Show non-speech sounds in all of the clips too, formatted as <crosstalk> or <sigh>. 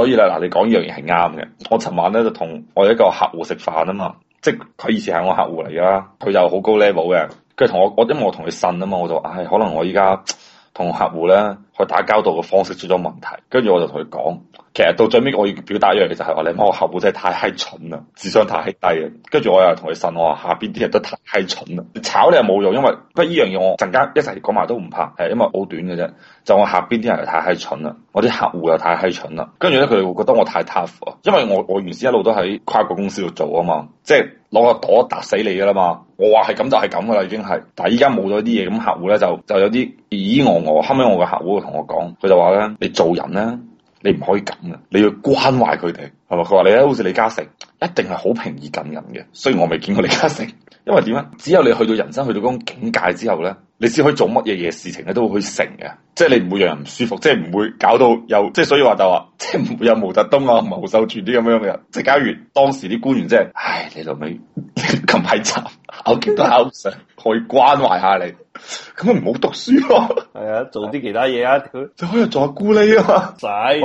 所以啦，嗱，你講呢樣嘢係啱嘅。我尋晚咧就同我有一個客戶食飯啊嘛，即係佢以前係我客戶嚟噶，佢又好高 level 嘅，佢同我，我因為我同佢呻啊嘛，我就唉，哎，可能我依家同客戶咧。我打交道嘅方式出咗問題，跟住我就同佢講，其實到最尾我要表達一樣嘢，就係話，你媽個客戶真係太閪蠢啦，智商太低啦。跟住我又同佢呻，我話下邊啲人都太閪蠢啦，你炒你又冇用，因為一一不依樣嘢我陣間一齊講埋都唔怕，係因為好短嘅啫。就我下邊啲人太閪蠢啦，我啲客戶又太閪蠢啦。跟住咧，佢哋會覺得我太 tough 啊，因為我我原先一路都喺跨國公司度做啊嘛，即係攞個朵打死你嘅啦嘛。我話係咁就係咁噶啦，已經係。但係依家冇咗啲嘢，咁客戶咧就就有啲咦我後我後尾我嘅客戶。我同講佢就話咧，你做人咧，你唔可以咁嘅，你要關懷佢哋，係咪？佢話你咧，好似李嘉誠，一定係好平易近人嘅。雖然我未見過李嘉誠，因為點咧？只有你去到人生去到嗰種境界之後咧，你先可以做乜嘢嘢事情咧，都會去成嘅。即係你唔會讓人唔舒服，即係唔會搞到有。即係。所以話就話，即係唔會有毛澤東啊、毛秀全啲咁樣嘅人，即係假如當時啲官員即係，唉，你做咩咁批渣，考都考唔上，可以關懷下你。咁啊，唔好讀書咯，係啊，做啲其他嘢啊，就 <laughs> 可以做下咕喱啊，嘛，仔，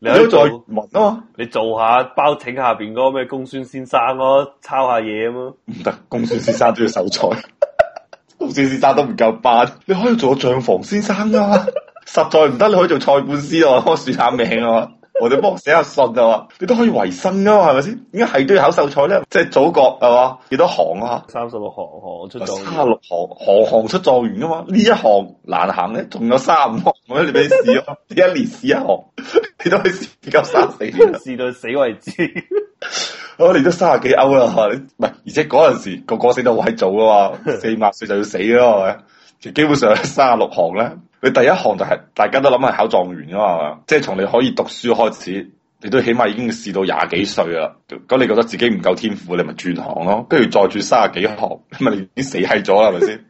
你都做文啊，嘛，你做下包拯下邊嗰個咩公孫先生咯，抄下嘢啊嘛，唔得，公孫先生都要手菜， <laughs> 公孫先生都唔夠班，你可以做個帳房先生啊，嘛， <laughs> 實在唔得，你可以做蔡半師咯，啊，我算下命啊。 <laughs> 我哋幫我寫下信啊嘛，你都可以維生噶嘛，係咪先？點解係都要考秀才咧？即係祖國係嘛？幾多行啊？三十六行行出三十六行行行出狀元噶嘛？呢一行難行咧，仲有三十五行、啊，俾你試咯，你 <laughs> 一年試一行，你都可以試夠三四年，試到死為止。我哋 <laughs> <laughs> <laughs> <laughs> 都卅幾歐啦，唔係，而且嗰陣時個，個個死得好早噶嘛，四廿歲就要死咯，係咪？其實基本上三十六行咧，佢第一行就係、是、大家都諗係考狀元噶嘛，即、就、係、是、從你可以讀書開始。你都起碼已經試到廿幾歲啦，咁、嗯、你覺得自己唔夠天賦，你咪轉行咯、啊。跟住再轉卅幾行，咁咪你已經死喺咗啦，係咪先 <laughs> 不？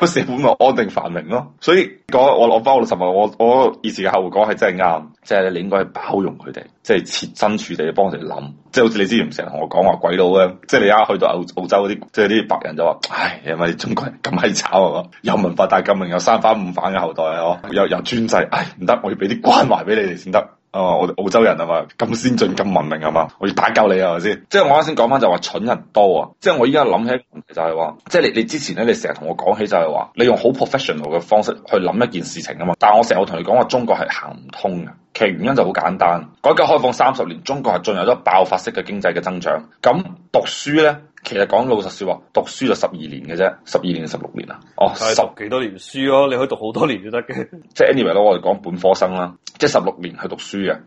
個 <laughs> 社會咪安定繁榮咯、啊。所以講我攞包括六十問，我我，我，我，我，我以前嘅客戶講係真係啱，即、就、係、是、你應該係包容佢哋，即係設身處地幫佢哋諗，即、就、係、是、好似你之前唔成日同我講話鬼佬嘅，即、就、係、是、你而家去到澳澳洲嗰啲，即係啲白人就話，唉，係咪中國人咁閪醜啊？有文化大革命，有三反五反嘅後代啊！哦，有又專制，唉，唔得，我要俾啲關懷俾你哋先得。哦，我哋澳洲人啊嘛，咁先進咁文明啊嘛，我要打救你啊！係咪先，即係我啱先講翻就話蠢人多啊，即係我依家諗起問題就係話，即係你你之前咧，你成日同我講起就係話，你用好 professional 嘅方式去諗一件事情啊嘛，但係我成日我同你講話中國係行唔通嘅，其實原因就好簡單，改革開放三十年，中國係進入咗爆發式嘅經濟嘅增長，咁讀書咧。其實講老實說話，讀書就十二年嘅啫，十二年定十六年啊？哦，十幾多年書咯，啊，你可以讀好多年都得嘅。即係 anyway，攞我哋講，本科生啦，即係十六年去讀書嘅。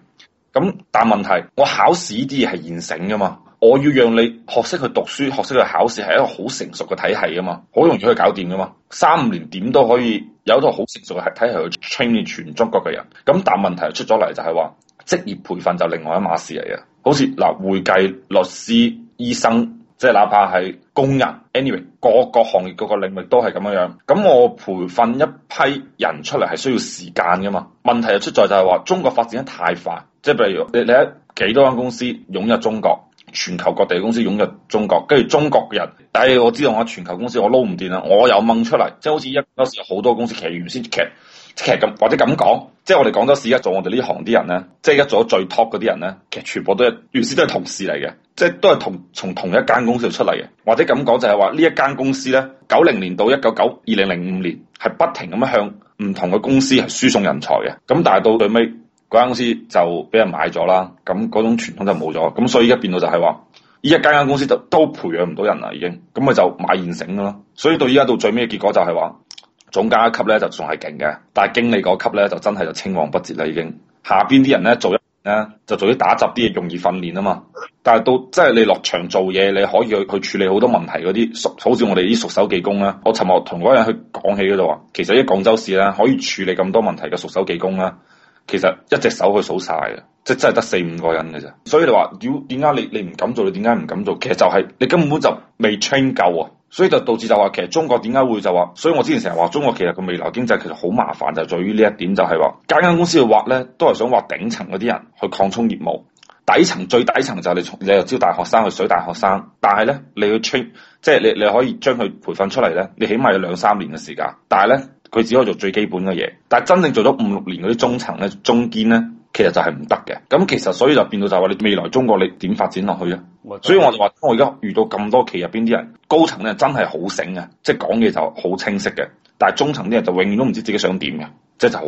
咁但問題，我考試啲嘢係現成噶嘛？我要讓你學識去讀書，學識去考試，係一個好成熟嘅體系啊嘛？好容易去搞掂噶嘛？三五年點都可以有一個好成熟嘅體系去 train 全中國嘅人。咁但問題出咗嚟就係話，職業培訓就另外一碼事嚟嘅。好似嗱，會計、律師、醫生。即係哪怕係工人，anyway 各個行業、各個領域都係咁樣樣。咁我培訓一批人出嚟係需要時間噶嘛？問題就出在就係話中國發展得太快。即係譬如你你喺幾多間公司湧入中國，全球各地公司湧入中國，跟住中國人，但係我知道我全球公司我撈唔掂啦，我又掹出嚟，即係好似一嗰時好多公司騎完先騎。其實咁或者咁講，即係我哋廣州市而家做我哋呢行啲人咧，即係一做最 top 嗰啲人咧，其實全部都係原先都係同事嚟嘅，即係都係同從同一間公司度出嚟嘅。或者咁講就係話呢一間公司咧，九零年到一九九二零零五年係不停咁樣向唔同嘅公司係輸送人才嘅。咁但係到最尾嗰間公司就俾人買咗啦。咁嗰種傳統就冇咗。咁所以而家變到就係話，依一間間公司就都，都培養唔到人啦，已經。咁咪就買現成嘅咯。所以到依家到最尾嘅結果就係話。總監一級咧就仲係勁嘅，但係經理嗰級咧就真係就青黃不接啦已經。下邊啲人咧做一咧就做啲打雜啲嘢，容易訓練啊嘛。但係到即係你落場做嘢，你可以去去處理好多問題嗰啲熟，好似我哋啲熟手技工啦。我尋日同嗰人去講起嗰度話，其實喺廣州市咧可以處理咁多問題嘅熟手技工啦。其實一隻手去數晒嘅，即係真係得四五個人嘅啫。所以你話點點解你你唔敢做？你點解唔敢做？其實就係、是、你根本就未 train 夠啊！所以就導致就話，其實中國點解會就話，所以我之前成日話中國其實個未來經濟其實好麻煩，就在於呢一點就係話，間間公司去挖咧，都係想挖頂層嗰啲人去擴充業務，底層最底層就係你從你又招大學生去水大學生但呢，但係咧你去 train，即係你你可以將佢培訓出嚟咧，你起碼有兩三年嘅時間但呢，但係咧佢只可以做最基本嘅嘢，但係真正做咗五六年嗰啲中層咧，中堅咧。其實就係唔得嘅，咁其實所以就變到就係話你未來中國你點發展落去啊？冇錯。所以我就話我而家遇到咁多企入邊啲人，高層咧真係好醒啊，即係講嘢就好清晰嘅，但係中層啲人就永遠都唔知自己想點嘅，即係就好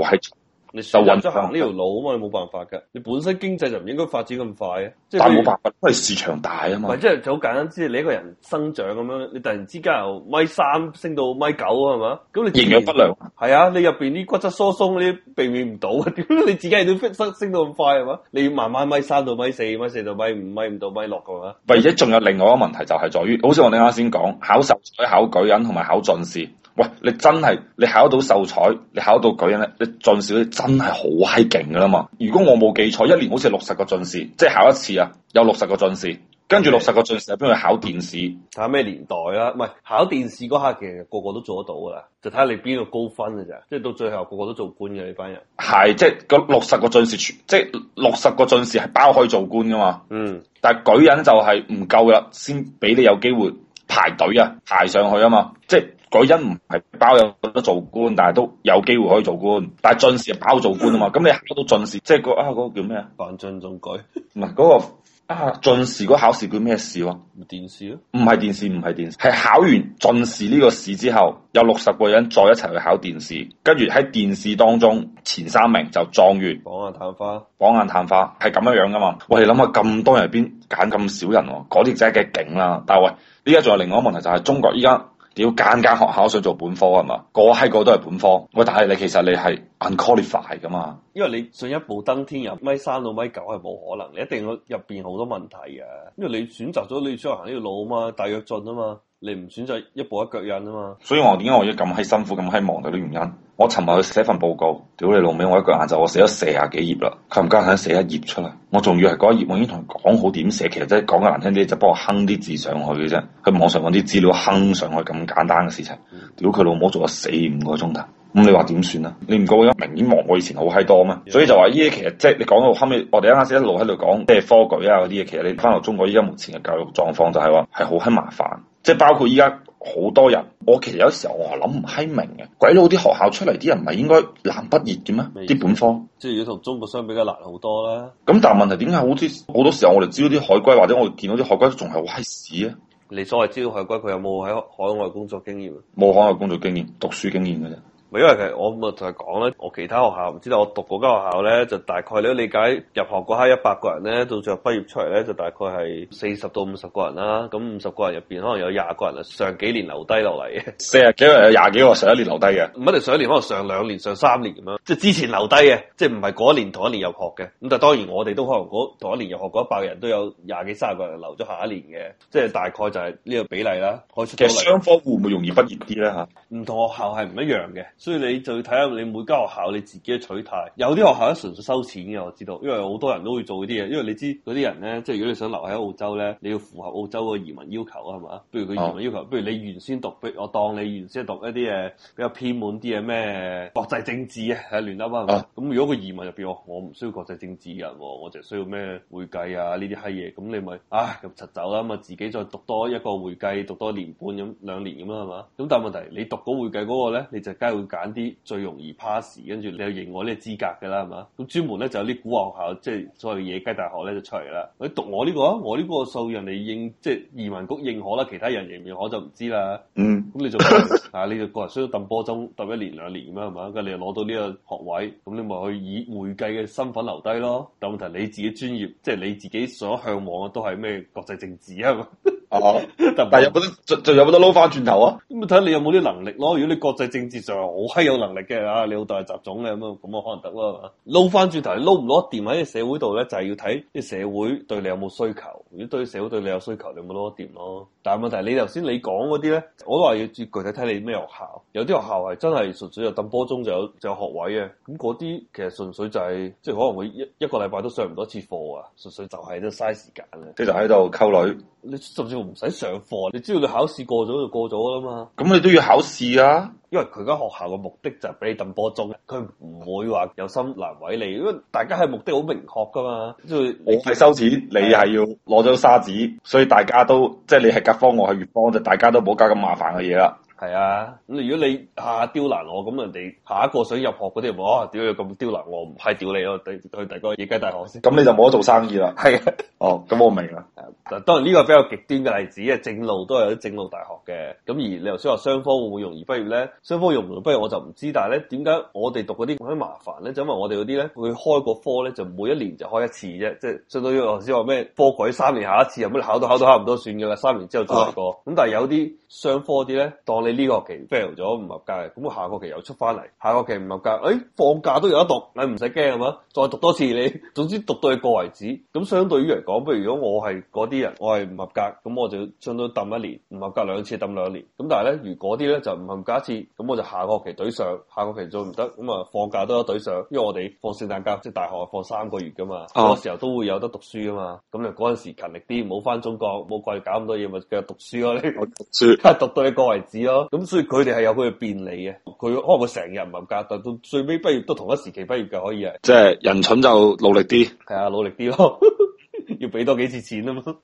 你受人咗行呢條路啊嘛，你冇辦法㗎。你本身經濟就唔應該發展咁快嘅，但係冇辦法，因為市場大啊嘛。唔係，即係就好簡單，即係你一個人生長咁樣，你突然之間由米三升到米九啊，係嘛？咁你營養不良係啊，你入邊啲骨質疏鬆嗰啲避免唔到啊，點 <laughs> 你自己都升升到咁快係嘛？你要慢慢米三到米四，米四到米五，米五到米六嘅嘛。唔係，而且仲有另外一個問題就係在於，好似我哋啱先講，考秀才、考舉人同埋考進士。喂，你真係你考到秀才，你考到舉人咧，你進士咧真係好閪勁噶啦嘛！如果我冇記錯，一年好似六十個進士，即係考一次啊，有六十個進士，跟住六十個進士入邊去考殿試。睇下咩年代啦，啊，唔係考殿試嗰刻，其實個，個個都做得到噶啦，就睇下你邊個高分嘅咋，即係到最後個個都做官嘅呢班人。係，即係六十個進士，即係六十個進士係包可以做官噶嘛？嗯，但係舉人就係唔夠啦，先俾你有機會排隊啊，排上去啊嘛，即係。舉人唔係包有得做官，但係都有機會可以做官。但係進士係包做官啊嘛。咁你考到進士，即係、嗰個啊嗰、嗰個叫咩、嗰個、啊？范進中舉唔係嗰個啊進士？如果考試叫咩試喎？殿試咯、啊？唔係殿試，唔係殿試，係考完進士呢個試之後，有六十個人再一齊去考殿試，跟住喺殿試當中前三名就狀元。榜眼探花，榜眼探花係咁樣樣噶嘛？喂，諗下咁多人入邊揀咁少人、啊，嗰啲真係幾勁啦！但係喂，依家仲有另外一個問題就係中國依家。屌，揀間學校想做本科啊嘛，個閪個,個,個,個都係本科，喂，但係你其實你係 unqualified 噶嘛，因為你想一步登天入米三到米九係冇可能，你一定要入邊好多問題嘅，因為你選擇咗你想行呢條路啊嘛，大躍進啊嘛。你唔選擇一步一腳印啊嘛，所以我點解我要咁閪辛苦咁閪忙嘅啲原因，我尋日去寫份報告，屌你老味，我一個晏晝就我寫咗四十幾頁啦，佢唔加肯寫一頁出嚟。我仲要係嗰一頁我已經同佢講好點寫，其實真係講得難聽啲就幫我哼啲字上去嘅啫，佢網上揾啲資料哼上去咁簡單嘅事情，嗯、屌佢老母做咗四五個鐘頭。咁你話點算啊？你唔覺啊？明顯望我以前好閪多咩？白所以就話呢啲其實即係你講到後尾，我哋啱啱先一路喺度講，即係科舉啊嗰啲嘢。其實你翻到中國依家目前嘅教育狀況，就係話係好閪麻煩。即係包括依家好多人，我其實有啲時候我諗唔閪明嘅。鬼佬啲學校出嚟啲人唔係應該難畢業嘅咩？啲白本科即係要同中國相比，較難好多啦。咁但係問題點解好似好多時候我哋招啲海歸，或者我哋見到啲海歸仲係歪屎啊？你所謂招到海歸，佢有冇喺海外工作經驗？冇海外工作經驗，讀書經驗嘅啫。咪因為佢，我咪就係講咧。我其他學校唔知道。我讀嗰間學校咧，就大概你理解入學嗰刻一百個人咧，到最後畢業出嚟咧，就大概係四十到五十個人啦。咁五十個人入邊，可能有廿個人係上幾年留低落嚟嘅。四十幾人有廿幾個上一年留低嘅。唔一定上一年，可能上兩年、上三年咁樣，即係之前留低嘅，即係唔係嗰一年同一年入學嘅。咁但係當然我哋都可能同一年入學嗰一百人，都有廿幾三十個人留咗下，下一年嘅。即係大概就係呢個比例啦。其實雙方會唔會容易畢業啲咧嚇？唔同學校係唔一樣嘅。所以你就要睇下你每間學校你自己嘅取態，有啲學校咧純粹收錢嘅我知道，因為好多人都會做嗰啲嘢，因為你知嗰啲人咧，即係如果你想留喺澳洲咧，你要符合澳洲個移民要求啊，係嘛？不如佢移民要求，不如，啊，如你原先讀，我當你原先讀一啲誒比較偏門啲嘅咩國際政治啊，係亂噏翻。咁如果個移民入邊我唔需要國際政治嘅，我就需要咩會計啊呢啲閪嘢，咁你咪唉咁巢走啦，咁啊自己再讀多一個會計，讀多一年半咁兩年咁啦係嘛？咁但係問題你讀嗰會計嗰個咧，你就梗係會。揀啲最容易 pass，跟住你又認我呢個資格噶啦，係嘛？咁專門咧就有啲古惑學校，即係所謂嘅野雞大學咧就出嚟啦。你讀我呢個、啊，我呢個數人哋認，即係移民局認可啦，其他人認唔認可就唔知啦。嗯,嗯，咁你仲啊？ <laughs> 你仲個人需要揼波鐘揼一年兩年咁啊？係嘛？咁你又攞到呢個學位，咁你咪去以會計嘅身份留低咯。但問題你自己專業，即係你自己所向往嘅都係咩？國際政治啊？哦，但係有冇得仲仲有冇得撈翻轉頭啊？咁睇下你有冇啲能力咯。如果你國際政治上，好閪有能力嘅啊！你老豆係雜種嘅咁啊，咁啊可能得咯。撈翻轉頭，撈唔撈得掂喺個社會度咧，就係要睇啲社會對你有冇需求。如果對社會對你有需求，你有冇撈得掂咯。但係問題，你頭先你講嗰啲咧，我都話要具體睇你咩學校。有啲學校係真係純粹就等波中就有就有學位嘅。咁嗰啲其實純粹就係即係可能會一一個禮拜都上唔多次課啊，純粹就係都嘥時間啊。即就喺度溝女。你甚至乎唔使上課，你知道你考試過咗就過咗啦嘛。咁你都要考試啊？因為佢間學校嘅目的就係俾你揼波鐘，佢唔會話有心難為你，因為大家係目的好明確噶嘛。即係、就是、我係收錢，嗯、你係要攞咗沙紙，所以大家都即係你係甲方，我係乙方，就大家都唔好加咁麻煩嘅嘢啦。係啊，咁如果你下下、啊、刁難我，咁人哋下一個想入學嗰啲又話啊點解咁刁難我？唔係屌你咯，第去第個野雞大學先、嗯。咁你就冇得做生意啦。係啊的，哦，咁我明啦。嗱，當然呢個比較極端嘅例子，正路都係有啲正路大學嘅。咁而你頭先話雙科會唔會容易畢業咧？雙科容易畢業我就唔知，但係咧點解我哋讀嗰啲咁鬼麻煩咧？就因為我哋嗰啲咧會開個科咧，就每一年就開一次啫，即係相當於頭先話咩科改三年下一次，又有冇考到考到考唔到算嘅啦，三年之後再過。咁、啊、但係有啲雙科啲咧，當你呢個學期 fail 咗唔合格，咁我下個期又出翻嚟，下個期唔合格，誒、哎、放假都有得讀，你唔使驚係嘛？再讀多次，你總之讀到你過為止。咁相對於嚟講，譬如如果我係嗰啲人，我係唔合格，咁我就相當等一年，唔合格兩次等兩年。咁但係咧，如果啲咧就唔合格一次，咁我就下個學期懟上，下個期再唔得，咁啊放假都有得懟上，因為我哋放聖誕假即係大學放三個月噶嘛，嗰、啊、個時候都會有得讀書噶嘛，咁你嗰陣時勤力啲，唔好翻中國，唔好過嚟搞咁多嘢，咪繼續讀書咯、啊，你讀書， <laughs> 讀到你過為止咯。咁所以佢哋係有佢嘅便利嘅，佢可能會成日唔合格，但到最尾畢業都同一時期畢業嘅，可以啊。即係人蠢就努力啲，係啊，努力啲咯， <laughs> 要俾多幾次錢啊嘛。